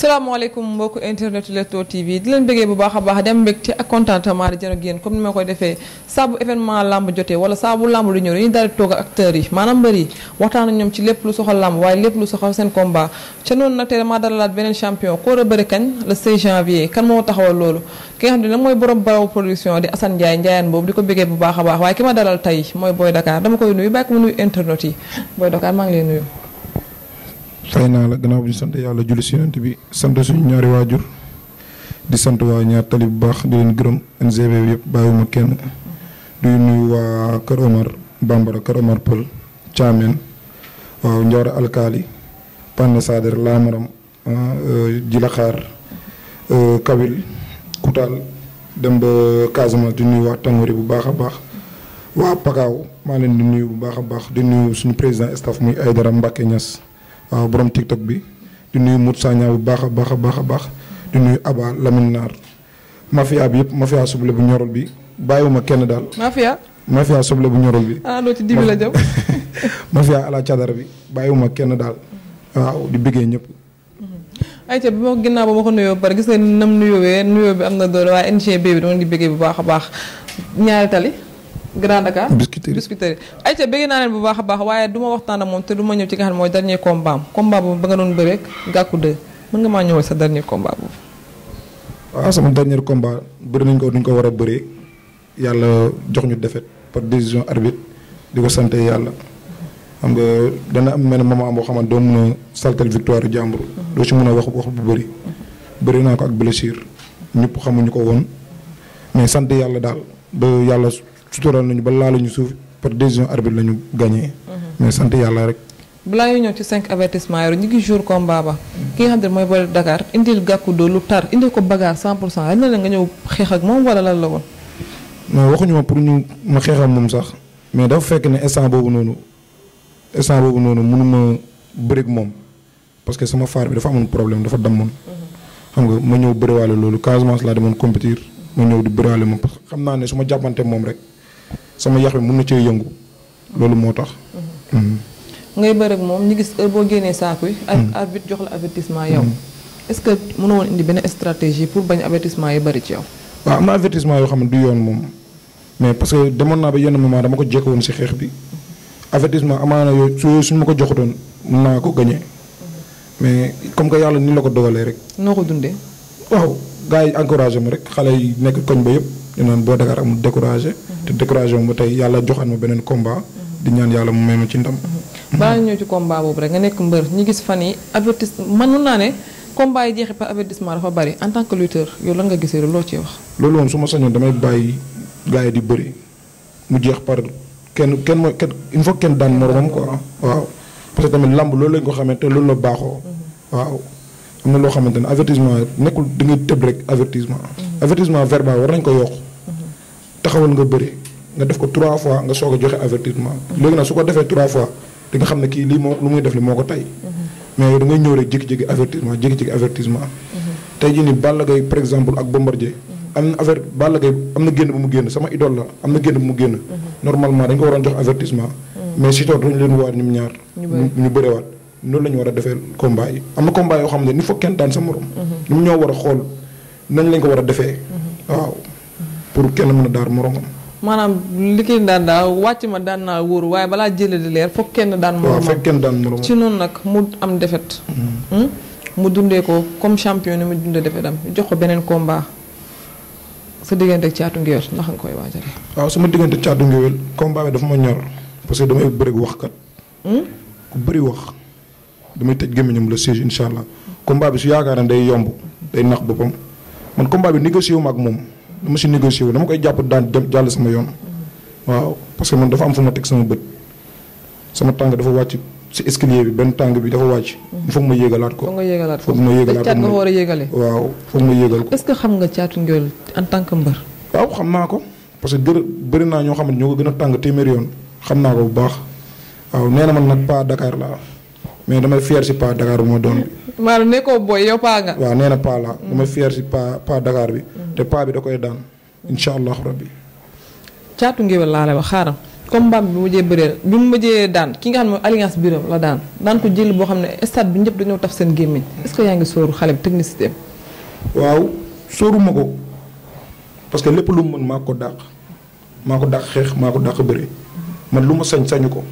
salaamaaleykum mbokku internet Leewtoo TV di leen bëggee bu baax a baax dem mbégte ak contentement di jënd ak yéen comme ni ma koy defee saabu événement lamb jotee wala saabu lamb lu ñëw daal di toog ak acteurs yi maanaam mbër yi waxtaan ak ñoom ci lu soxal lamb waaye lépp lu soxal seen combat ca noonu nag tey damaa dalalaat beneen champion koo war kan moo taxawal loolu ki nga xam ne nag mooy borom baraw production di Assane Ndiaye Ndiayaan boobu di ko bëggee bu baax a baax waaye ki ma dalal tey mooy Boy Dakar dama koy nuyu bàyyi ko mu nuyu internet yi Boy Dakar maa ngi lay nuyu fay naa la gannaaw bu ñu sant yàlla julli si yonent bi sant suñu ñaari waajur di sant waa ñaar tali bu baax di leen gërëm NGB bi yëpp bàyyiwuma kenn di nuyu waa Kër Omar Bambara Kër Omar Pël Thiamène waaw Ndiawar Alkaali Panne Sader Laamaram ah, euh, Jilaxaar euh, Kawil Koutal dem ba Casamance di nuyu waa Tangori bu baax a baax waa Pakaaw maa leen di nuyu bu baax a baax di nuyu suñu président staff muy Aydara Mbacke Niass. borom TikTok bi di nuyu Moussa Niang bu baax a baax a baax a baax di nuyu Aba Lamine Naar mafia bi yëpp mafia soble bu ñorol bi bàyyiwuma kenn daal. mafia. mafia soble bu ñorol bi. ah loo ci dibi la jëm. bi bàyyiwuma kenn daal. waaw di bëggee ñëpp. Mm-hmm. ayca bi ma ba ma ko nuyoo ba pare gis nga nam nuyoo bi am na doole waaye NGB bi dama di bëggee bu baax a baax ñaari tali. Grand Dakar Biscuiterie Biscuiterie ayca bëgg naa leen bu baax a baax waaye du ma waxtaan ak moom te du ma ñëw ci nga xam ne mooy dernier combat am combat ba nga doon bëreek gàkku de mën nga maa ñëwal sa dernier combat boobu. waaw ah, sama dernier combat bëri nañ ko war a bëree yàlla jox ñu défaite par décision arbitre di ko sant yàlla xam nga dana am mel ma boo xamante doo mën a saltal victoire jàmbur. doo ci mën a wax bu bëri. bëri naa ko ak blessure ñëpp xamuñu ko woon mais sant yàlla daal ba yàlla. sutural nañu ba laaluñu suuf par décision arbitre lañu gagné. Mhm. mais sant yàlla rek. balaa ñuy ñëw ci cinq avertissement yooyu ñu ngi jour combat ba ki nga xam ne mooy boole Dakar indil gàkku doo lu tar indil ko bagaar 100 pour cent dañ ne la nga ñëw xeex ak moom wala lan la woon. non waxuñu ma pour ñu ma xeexam moom sax mais dafa fekk ne instant boobu noonu instant boobu noonu mënuma bëreeg parce que sama faar bi dafa amoon problème dafa dammoon. Mhm. xam nga ma ñëw bëriwaale loolu Casamance laa demoon compétir ma ñëw di bëriwaale moom parce que xam naa ne su jàppante moom rek. sama yax bi mun na cee yëngu loolu moo tax. Mhm. Mhm. ngay bëreeg moom ñu gis heure boo génnee saako yi. Mhm. arbit jox la avertissement yow. est-ce que mënoo woon indi benn stratégie pour bañ avertissement yi bari ci yow. waaw am na avertissement yoo xam ne du yoon moom mais parce que demoon naa ba yenn moment dama ko jekk woon si xeex bi avertissement amaana yooyu su suñ ma ko jox joxutoon mën naa ko gañe mais comme que yàlla ni la ko dogalee rek. noo ko dundee. waaw gars yi encouragé ma rek xale yi koñ ba yëpp. ñu naan boo Dakar amul découragé. te découragé wu ba tey yàlla joxaat ma beneen combat. di ñaan yàlla mu may ma ci ndam. Mhm. baa ñëw ci combat boobu rek nga nekk mbër ñu gis fan yi man mënoon naa ne combat yi jeexee par avertissement dafa bari en tant que lutteur yow lan nga gisee loo ciy wax. loolu moom su ma sañoon damay bàyyi gars yi di bëri mu par kenn kenn mooy kenn kenn daan moromam quoi waaw. parce que tamit lamb loolu lañ ko xamante te loolu la baaxoo. Mhm. waaw am na loo xamante ne avertissement nekkul da ngay tëb rek avertissement. Mhm. avertissement verbal war nañ ko yokk. taxawal nga bëri nga def ko trois fois nga soog a joxe avertissement léegi nag su ko defee trois fois di xam ne kii lii moom lu muy def li moo ko tey mhm. mais da ngay ñëw rek jékki-jékki avertissement jékki-jékki avertissement mhm. tey jii ni Balla Gaye par exemple ak Bombardier mhm. am na am na génn bu mu génn sama idole la am na génn bu mu génn normalement dañ waroon jox avertissement mais si toog dañu leen waar ñum ñaar ñu bëriwaat noonu la war a defee a ko a pour kenn mën a daar moromam. maanaam li daan daa wàcc ma daan naa wóor waaye balaa jëlee leer foog kenn daan. moromam waaw foog kenn daan ci noonu nag mu am defet mm-hmm. hmm? mu dundee ko comme champion ni mu dundee défaite am jox ko beneen combat sa diggante caatu ngéwél ndax nga koy waajalee. waaw sama diggante caatu ngéwél komba bi dafa ma ñor parce que damay bëri waxkat. Hmm? ku bëri wax damay tëj gémmiñam le siège incha allah combat bi su yaakaar ne day yomb day nax boppam man moom. dama si négocié wu dama koy jàpp daan dem jàll sama yoon waaw parce que man dafa am fu ma teg sama bët sama tànk dafa wàcc si escalier bi benn tànk bi dafa wàcc. foog ma yéegalaat ko foog ma yéegalaat ko nga war a yéegale waaw foog ma yéegal ko. est-ce que xam nga caatu ngeewal en tant que mbër. waaw xam naa ko parce que gër bëri naa ñoo xam ne ñoo ko gën a tàng téeméeri yoon xam naa ko bu baax waaw nee na man nag pas Dakar laa mais damay fier si pas Dakar bu ma doon. maanaam nekkoo booy yow nga. waaw nee na paa la dama fier si paa paa Dakar bi. Mm. te paa bi da koy daan. incha allahu rabbi. caatu ngéwél laa lay wax xaaral combat bi bu mujjee bëree bi mu mujjee daan ki nga xam ne alliance biram la daan daan ko jël boo xam ne stade bi ñëpp dañoo tax seen gémmiñ est ce que yaa ngi sóoru xale bi technicité waaw sóoru ma ko parce que lépp lu mu mën maa ko dàq maa ko dàq xeex maa ko dàq bëri man lu ma sañ sañu ko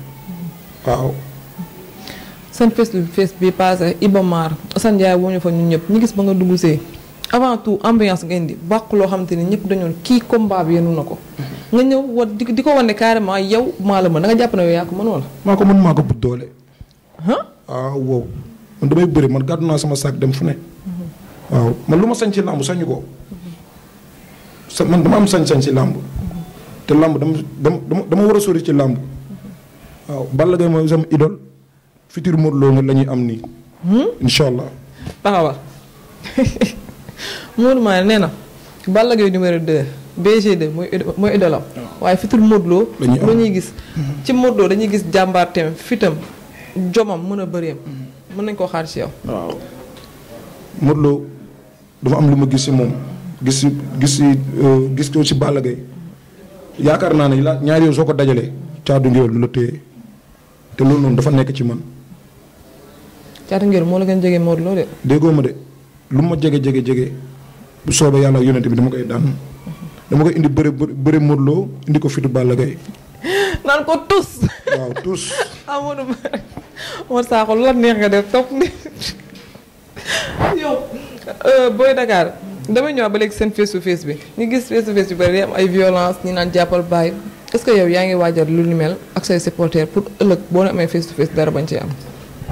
waaw seen fees bi fees bi passé Ibomar Assane Ndiaye woo ñu fa ñun ñëpp ñu gis ba nga dugg see avant tout ambiance nga indi bàq loo xamante ni ñëpp dañoon kii combat bi yenu na ko. nga ñëw wa di ko wane carrément yow maa la mën da nga jàpp ne yow yaa ko mën wala. maa ko mën maa ko bu doole. ah wow man damay bëri man gàddu naa sama saak dem fu ne. waaw man lu ma sañ ci làmb sañu ko. sa man dama am sañ-sañ ci làmb. te làmb dama dama dama war a sori ci làmb. waaw Balla Gaye futur Modou Lo nga am ni hmm? incha allah. taxawal Modou Mané nee na Balla Gaye numéro 2 BG2 mooy mooy idolam ah. waaye futur Modou Lo. ñuy gis. Hmm. ci Modou dañuy gis jàmbaarteem fitam jomam mën a bëreem. Hmm. mën nañ koo xaar ci yow. waaw dafa am lu ma gis si moom gis gis euh, gis ko si Balla Gaye yaakaar naa ne ñaari yow soo ko dajalee. caadu ngéwél du la téye te loolu noonu dafa nekk ci man. Caatu Ngéwél moo la gën jege Modou Lo de. déggoo ma de lu ma jege jege jege bu soobee yàlla ak yonent bi dama koy daan dama koy indi bëre bëre Modou Lo indi ko fitu Balla Gaye. naan ko tus. waaw tus. amoon ah, na ma saako la neex nga def topp ni yow euh, Boy Dakar damay ñëwaat ba léegi seen face to face bi ñu gis face to face bi bari am ay violence ñi naan jàppal bàyyi est que yow yaa ngi waajal lu ni mel ak say supporters pour ëllëg boo ne amee face to face dara bañ ci am.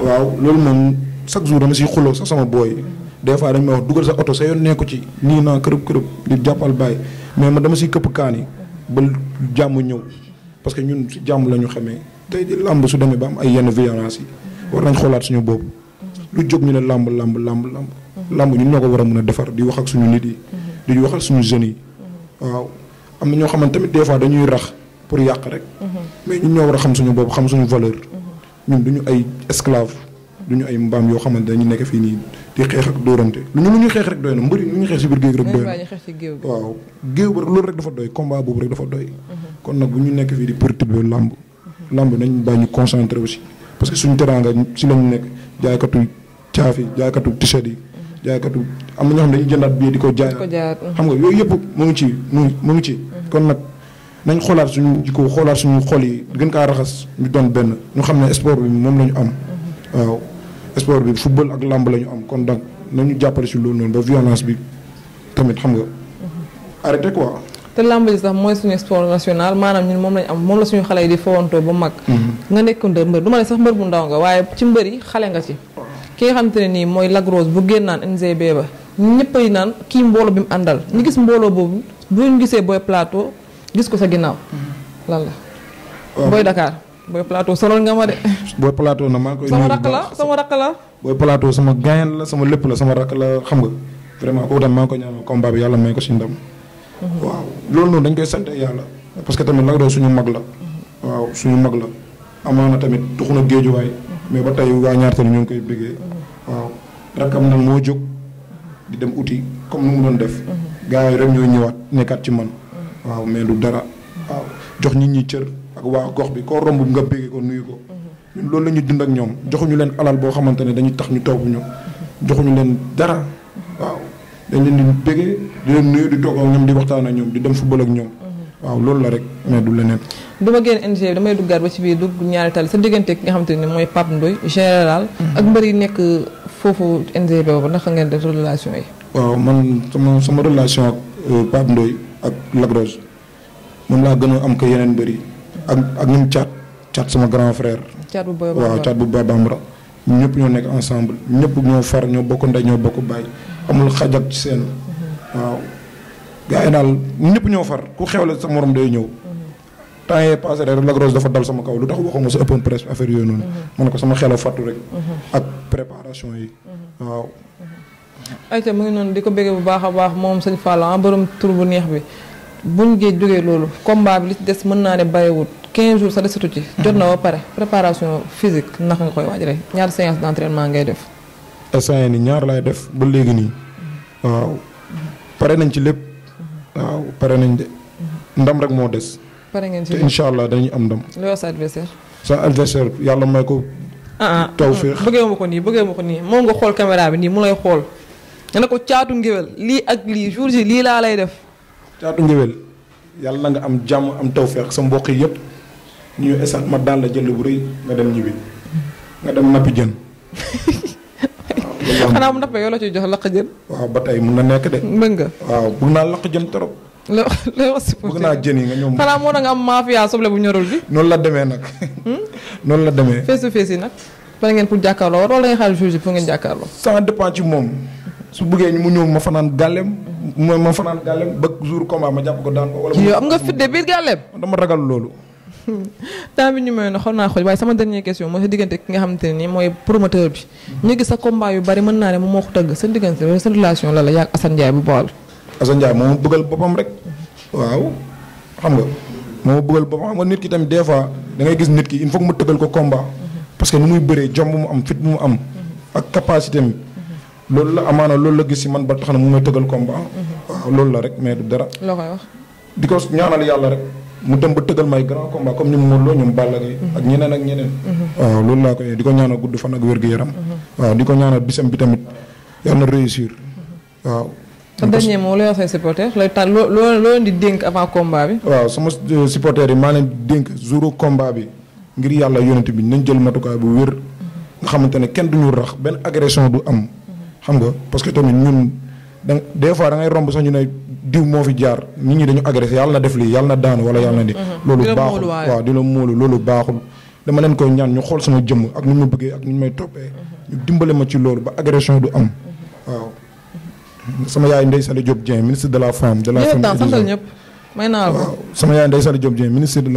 waaw loolu moom chaque jour dama siy xuloo sax sama booy des fois dañ may wax dugal sa oto sa yoon nekku ci nii naa kërëb kërëb di jàppal bàyyi mais ma dama siy këpp kaani ba jàmm ñëw parce que ñun jàmm la ñu xamee tey di làmb su demee ba am ay yenn violence yi war nañ xoolaat suñu boobu lu jóg ñu ne làmb làmb làmb làmb ñu ñun ñoo ko war a mën a defar di wax ak suñu nit yi di waxal suñu jeunes yi waaw am na ñoo xamante tamit des fois dañuy rax pour yàq rek mhm. mais ñun ñoo war xam suñu bopp xam suñu valeur ñun du ñu ay esclave du ñu ay mbaam yoo xamante dañu nekk fii nii di xeex ak dóorante lu ñu lu ñuy xeex rek doy na mbëri lu ñuy xeex si biir géej rek doy na waaw géew bi rek loolu rek dafa doy combat boobu rek dafa doy mhm. kon nag bu ñu nekk fii di perturber làmb mhm. làmb nañ bàyyi ñu concentré aussi parce que suñu teraanga si lañu nekk jaaykatu caaf jaaykatu t-shirt yi mhm. jaaykatu am na ñoo xam ne dañuy jëndaat billet di ko jaayaat xam nga yooyu yëpp mu ngi ci mu ngi nañ xoolaat suñu jikko xoolaat suñu xol yi gën kaa raxas ñu doon benn ñu xam ne sport bi moom la ñu am mhm. waaw sport bi football ak làmb la ñu am kon donc nañu jàppale si loolu noonu ba violence bi tamit xam nga mhm. arrêté quoi. te làmb ji sax mooy suñu sport national maanaam ñun moom lañ am moom la suñu xale yi di fowantoo ba mag. Mhm. nga nekk mbër du ma sax mbër bu ndaw nga waaye ci mbër yi xale nga ci. ki nga xamante ne nii mooy lagrose bu génnaan NGB ba ñëpp naan kii mbooloo bi àndal ñu gis mbooloo boobu bu gisee booy gis ko sa ginnaaw. Mm-hmm. lan la. booy Dakar booy plateau sonal nga ma de. booy plateau na maa koy. sama la sama rakk la. booy plateau sama gaayan la sama lépp la sama rakk la xam nga vraiment kooku tamit maa ngi yàlla may ko si ndam. Mm-hmm. loolu noonu dañ koy sant yàlla. parce que tamit Lac Rose suñu mag la. Mm-hmm. waaw suñu mag la. amaana tamit tuxu na géejuwaay. mais ba tey waa ñaar tamit ñu ngi koy bëggee. waaw rakkam nag moo jóg di dem uti comme nu mu doon def. gars yi rek ñooy ñëwaat nekkaat ci man. waaw mais lu dara mm-hmm. waaw jox nit ñi cër ak waa gox bi koo romb nga béggee ko nuyu ko mm-hmm. loolu la ñu dund ak ñoom joxuñu leen alal boo xamante ne dañuy tax ñu toog ñu mm-hmm. joxuñu leen dara waaw dañ di béggee di leen nuyu di toog ak ñoom di waxtaan ak ñoom di dem football ak ñoom waaw la rek mais du leneen. du ma génn NG bi damay duggaat ba ci biir dugg ñaari tal sa diggante ki nga xamante ne mooy Pape Ndoye général. ak mbër yi nekk foofu NG boobu naka ngeen def relation yi. waaw man sama sama relation ak euh, Pape Ndoye. ak Lagrosse moom laa gën am ko yeneen mbëri ak ak ñoom caat caat sama grand frère. caat bu Boy Bambara waaw caat bu Boy Bambara ñëpp ñoo nekk ensemble ñëpp ñoo far ñoo bokk ndey ñoo bokk bàyyi amul xaj seen. waaw gars yi daal ñëpp ñoo far ku xewle sa morom day ñëw. temps yee passé rek Lagrosse dafa dal sama kaw lu tax waxuma sa ëppoon presse affaire yooyu noonu. Mm-hmm. ma ne ko sama xel a fàttu rek. Mm-hmm. ak préparation yi mm-hmm. waaw. ayca mu ngi noonu di ko bëggee bu baax a baax moom sañ Fallou ah tour bu neex bi buñ géej jógee loolu combat bi li ci des mën naa ne bàyyiwut 15 jours sa desatu ci. jot na ba pare préparation physique naka nga koy waajalee ñaar séance d' entraînement ngay def. instant ni ñaar lay def ba léegi nii. waaw pare nañ ci lépp. waaw pare nañ de. ndam rek moo des. pare ngeen ci te incha allah dañuy am ndam. loolu sa adversaire. sa adversaire yàlla may ko. Ah, ah. taw féex bëggee ma ko nii bëggee ma ko nii moom xool caméra bi nii mu xool. ne ko caatu ngéwél lii ak lii jour ji lii laa lay def. caatu ngéwél yàlla na nga am jàmm am feex sa mbokk yi yëpp ñu esaat ma daan la jël bu rëy nga dem ñibbi nga dem nappi jën. waaw xanaa mu nappee la ciy jox laq jën. ba tey mun na nekk de. mën nga naa laq jën trop. loo naa jën yi nga ñoom. xanaa moo na nga am mafia soble bu ñorul bi. noonu la demee nag. Hmm? noonu la demee. face to yi nag. pare ngeen pour jàkkaarloo wala da ngeen xaar jour ji pour ngeen jàkkaarloo. ça dépend ci moom. su buggee bëggee mu ñëw ma fanaan gàllem. ma ma fanaan gàllem ba jour combat ma jàpp ko daan ko. wala am nga fit de biir gàllem. dama ragal loolu. temps bi ñu may na xaw naa xooj waaye sama dernière question mooy sa diggante ki nga xamante ne nii mooy promoteur bi. Hmm. ñu gis sa combat moo ko tëgg sa diggante wala sa relation la la yaa Assane Ndiaye bu Bawol. Assane Ndiaye moo ma bëggal boppam rek. waaw xam nga moo ma bëggal boppam xam nga nit ki tamit des fois da ngay gis nit ki il faut ma mu tëggal ko combat. Hmm. parce que nu muy bëree jom mu am fit mu am. Hmm. ak capacité am loolu la amaana loolu la gis si man ba tax na mu may tëgal combat. waaw loolu la rek mais du dara. loo koy wax. di ko ñaanal yàlla rek mu dem ba tëgal may grand combat comme ni mu Modou Lo ak ñeneen ak ñeneen. waaw loolu laa di ko ñaanal gudd fan ak wér-gu-yaram. di ko ñaanal bi tamit yàlla na réussir waaw. sa dernier mot lay wax di dénk avant combat bi. waaw sama euh, supporter yi maa leen di dénk jouru combat bi ngir yàlla yonent bi nañ jël matukaay bu wér nga xamante ne kenn duñu rax benn agression du am. xam nga parce que tamit ñun da des fois da ngay romb sax ñu ne diw moo fi jaar nit ñi dañu agressé yàlla na def lii yàlla na daanu wala yàlla na mm-hmm. di loolu baaxul waaw di la móolu loolu baaxul dama leen koy ñaan ñu xool sama jëm ak nu ñu ma bëggee ak nu ñu may toppee mm-hmm. ñu dimbale ma ci loolu ba agression du am mm-hmm. waaw sama yaay Ndeye Saly Diop Dieng ministre de la femme de la famille may naa la waaw sama yaay Ndeye Saly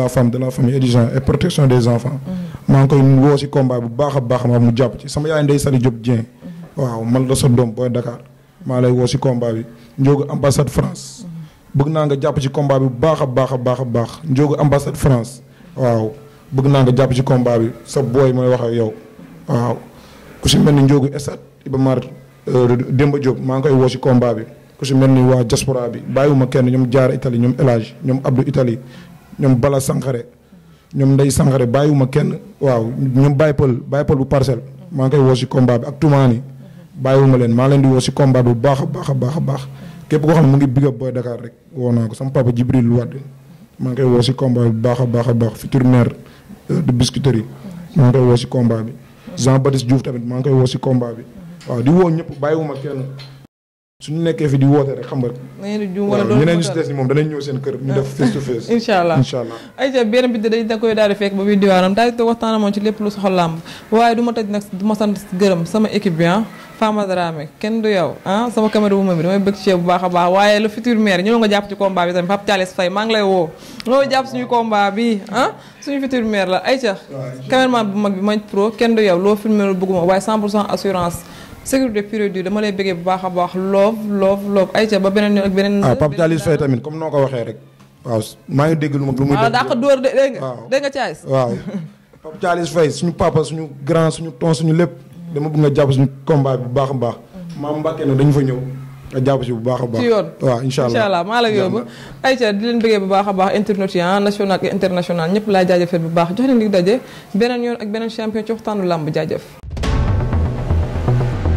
et protection des enfants maa ngi koy woo si combat bu baax a baax ma mu jàpp ci sama yaay Ndeye Saly Diop waaw man la sa doom booy Dakar maa lay woo si combat bi njóogu ambassade France bëgg naa nga jàpp ci combat bi bu baax a baax a baax a baax njóogu ambassade France waaw bëgg naa nga jàpp ci combat bi sa booy mooy wax ak yow waaw ku si mel ni njóogu Esat Iba Mar euh, Demba Diop maa ngi koy woo si combat bi ku si mel ni waa diaspora bi bàyyiwuma kenn ñoom Jaara Italie ñoom El Hadj ñoom Abdou Italie ñoom Bala Sankhare ñoom Ndeye Sankhare bàyyiwuma kenn waaw ñoom Baye Paul Baye Paul parcelle maa ngi koy woo si combat bi ak Toumani bàyyiwuma leen maa leen di woo si combat bu baax a baax a baax a baax képp koo xam ne mu ngi big up Boy Dakar rek woo naa ko sama papa Jibril Wade maa ngi koy a baax euh, a koy woo si combat bi Jean Baptiste Diouf tamit maa ngi koy woo si combat bi waaw di woo ñëpp bàyyiwuma kenn suñu nekkee fi di woote rek xam nga. waaw ñeneen ñu si des ni seen kër ñu def face to face. incha allah incha allah. ayca beneen bi dañ da koy daal di fekk ba biir daal di waxtaan moom ci lépp ma tëj nag du ma Fama kenn du yow ah, sama caméra bu moom bu baax a baax waaye le futur maire ñëw nga jàpp ci combat bi tamit Pape Thialis Faye maa ngi lay woo ñoo jàpp suñu combat bi ah bu mag bi mañ pro kenn du yow loo filmé lu bëgguma waaye 100% assurance sécurité période dama lay bëggee bu baax a baax loof loof loof ay ca ba beneen ak beneen ah tamit comme noo ko waxee rek waaw maa ngi dégg lu ma lu muy ah, dàq dóor dégg nga dégg nga Thialis waaw Pape Thialis Faye suñu papa suñu grand suñu ton suñu lépp dama bëgg nga jàpp suñu combat bi bu baax a baax. maam Mbàkke nag dañu fa ñëw. a jàpp si bu baax a baax ci yoon waaw allah incha allah maa la yóbbu ayca di leen bëggee bu baax a baax internet yi ah, national ak international laay jaajëfal bu baax jox leen dig daje beneen yoon ak beneen champion ci waxtaanu làmb jaajëf